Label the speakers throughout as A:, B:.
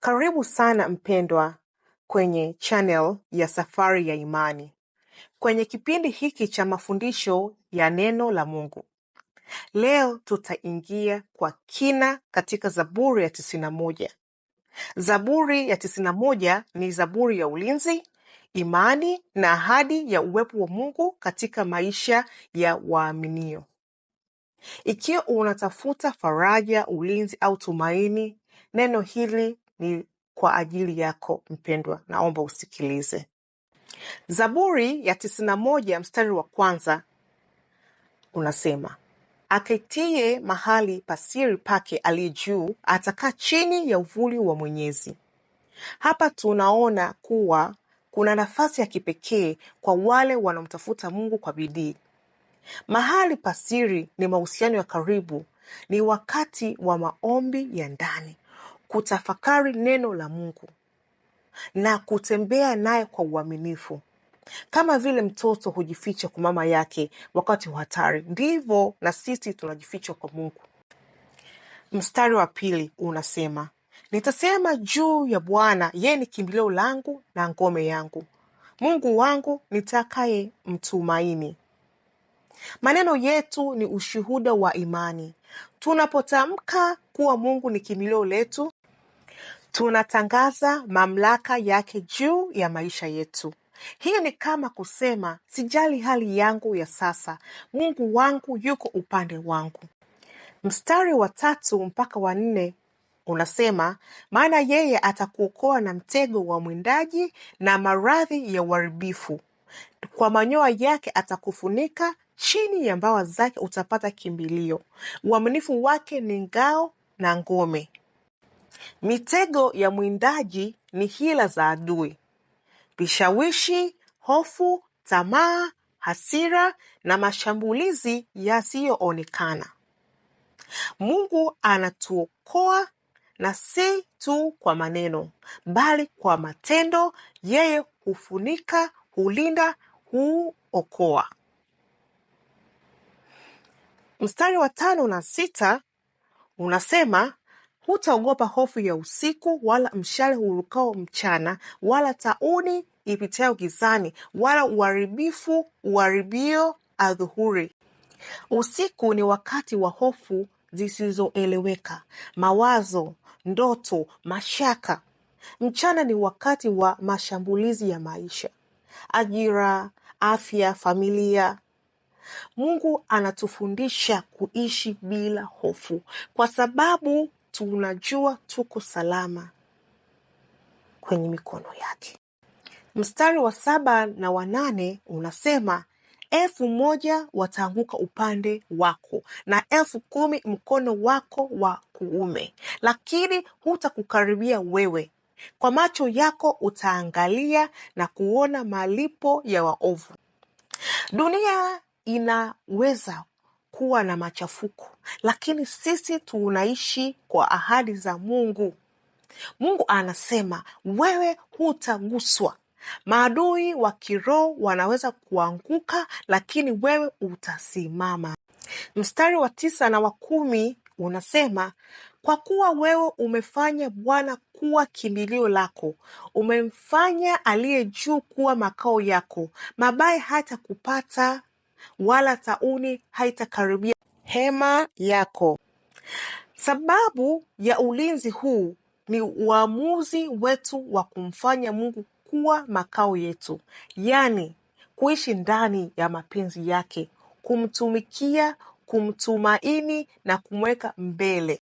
A: Karibu sana mpendwa kwenye chanel ya Safari ya Imani. Kwenye kipindi hiki cha mafundisho ya neno la Mungu, leo tutaingia kwa kina katika Zaburi ya tisini na moja. Zaburi ya tisini na moja ni zaburi ya ulinzi, imani na ahadi ya uwepo wa Mungu katika maisha ya waaminio. Ikiwa unatafuta faraja, ulinzi au tumaini, neno hili ni kwa ajili yako mpendwa, naomba usikilize. Zaburi ya tisini na moja mstari wa kwanza unasema aketie mahali pasiri pake aliye juu atakaa chini ya uvuli wa Mwenyezi. Hapa tunaona kuwa kuna nafasi ya kipekee kwa wale wanaomtafuta Mungu kwa bidii. Mahali pasiri ni mahusiano ya karibu, ni wakati wa maombi ya ndani kutafakari neno la Mungu na kutembea naye kwa uaminifu. Kama vile mtoto hujificha kwa mama yake wakati wa hatari, ndivyo na sisi tunajificha kwa Mungu. Mstari wa pili unasema, nitasema juu ya Bwana, yeye ni kimbilio langu na ngome yangu, Mungu wangu nitakaye mtumaini. Maneno yetu ni ushuhuda wa imani. Tunapotamka kuwa Mungu ni kimilio letu, Tunatangaza mamlaka yake juu ya maisha yetu. Hiyo ni kama kusema, sijali hali yangu ya sasa, Mungu wangu yuko upande wangu. Mstari wa tatu mpaka wa nne unasema, maana yeye atakuokoa na mtego wa mwindaji na maradhi ya uharibifu, kwa manyoa yake atakufunika, chini ya mbawa zake utapata kimbilio. Uaminifu wake ni ngao na ngome. Mitego ya mwindaji ni hila za adui: vishawishi, hofu, tamaa, hasira na mashambulizi yasiyoonekana. Mungu anatuokoa na si tu kwa maneno, bali kwa matendo. Yeye hufunika, hulinda, huokoa. Mstari wa tano na sita unasema Hutaogopa hofu ya usiku, wala mshale urukao mchana, wala tauni ipitayo gizani, wala uharibifu uharibio adhuhuri. Usiku ni wakati wa hofu zisizoeleweka, mawazo, ndoto, mashaka. Mchana ni wakati wa mashambulizi ya maisha, ajira, afya, familia. Mungu anatufundisha kuishi bila hofu, kwa sababu tunajua tuko salama kwenye mikono yake. Mstari wa saba na wanane unasema elfu moja wataanguka upande wako na elfu kumi mkono wako wa kuume, lakini hutakukaribia wewe. Kwa macho yako utaangalia na kuona malipo ya waovu. Dunia inaweza kuwa na machafuko, lakini sisi tunaishi kwa ahadi za Mungu. Mungu anasema wewe hutaguswa. Maadui wa kiroho wanaweza kuanguka, lakini wewe utasimama. Mstari wa tisa na wa kumi unasema kwa kuwa wewe umefanya Bwana kuwa kimbilio lako, umemfanya aliye juu kuwa makao yako, mabaya hata kupata wala tauni haitakaribia hema yako. Sababu ya ulinzi huu ni uamuzi wetu wa kumfanya Mungu kuwa makao yetu, yaani kuishi ndani ya mapenzi yake, kumtumikia, kumtumaini na kumweka mbele.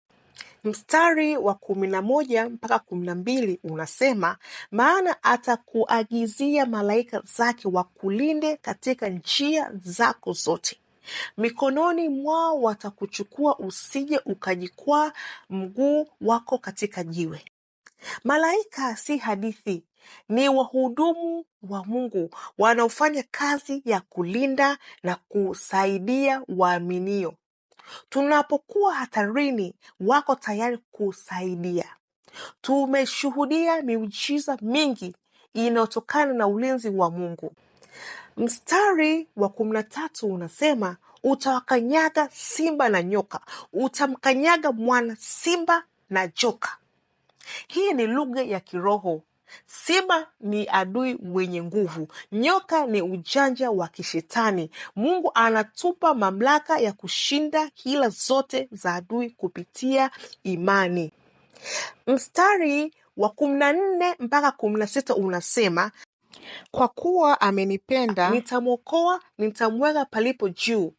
A: Mstari wa kumi na moja mpaka kumi na mbili unasema, maana atakuagizia malaika zake wakulinde katika njia zako zote, mikononi mwao watakuchukua, usije ukajikwaa mguu wako katika jiwe. Malaika si hadithi, ni wahudumu wa Mungu wanaofanya kazi ya kulinda na kusaidia waaminio tunapokuwa hatarini, wako tayari kusaidia. Tumeshuhudia miujiza mingi inayotokana na ulinzi wa Mungu. Mstari wa kumi na tatu unasema utawakanyaga simba na nyoka, utamkanyaga mwana simba na joka. Hii ni lugha ya kiroho Simba ni adui mwenye nguvu, nyoka ni ujanja wa kishetani. Mungu anatupa mamlaka ya kushinda hila zote za adui kupitia imani. Mstari wa kumi na nne mpaka kumi na sita unasema kwa kuwa amenipenda
B: nitamwokoa, nitamweka palipo juu,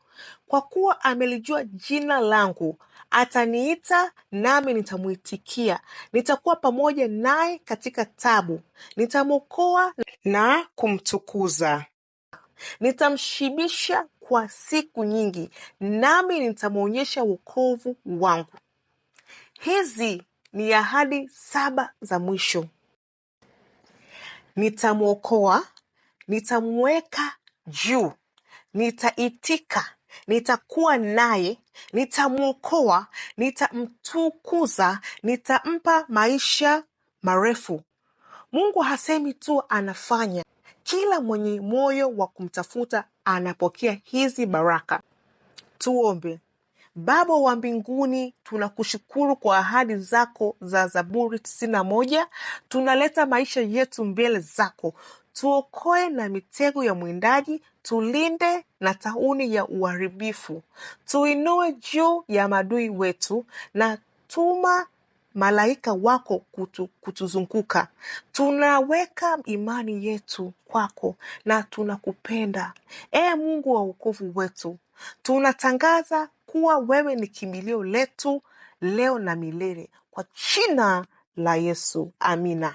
B: kwa kuwa amelijua jina langu Ataniita nami nitamwitikia, nitakuwa pamoja naye katika tabu, nitamwokoa na kumtukuza. Nitamshibisha kwa siku nyingi, nami nitamwonyesha wokovu wangu. Hizi ni ahadi saba za mwisho: nitamwokoa, nitamweka juu, nitaitika, nitakuwa naye, nitamwokoa, nitamtukuza, nitampa maisha marefu. Mungu hasemi tu, anafanya. Kila mwenye moyo wa kumtafuta anapokea hizi baraka. Tuombe. Baba wa mbinguni, tunakushukuru kwa ahadi zako za Zaburi tisini moja. Tunaleta maisha yetu mbele zako, tuokoe na mitego ya mwindaji tulinde na tauni ya uharibifu, tuinue juu ya maadui wetu, na tuma malaika wako kutu, kutuzunguka. Tunaweka imani yetu kwako na tunakupenda, Ee Mungu wa wokovu wetu. Tunatangaza kuwa wewe ni kimbilio letu leo na milele, kwa jina la Yesu, amina.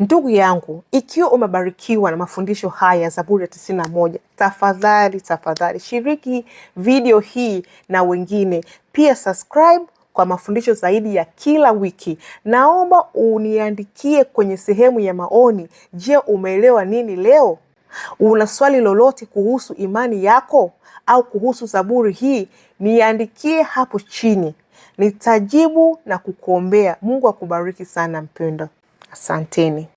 A: Ndugu yangu, ikiwa umebarikiwa na mafundisho haya ya Zaburi ya tisini na moja, tafadhali tafadhali shiriki video hii na wengine pia. Subscribe kwa mafundisho zaidi ya kila wiki. Naomba uniandikie kwenye sehemu ya maoni. Je, umeelewa nini leo? Una swali lolote kuhusu imani yako au kuhusu zaburi hii? Niandikie hapo chini, nitajibu na kukuombea. Mungu akubariki sana mpendwa. Asanteni.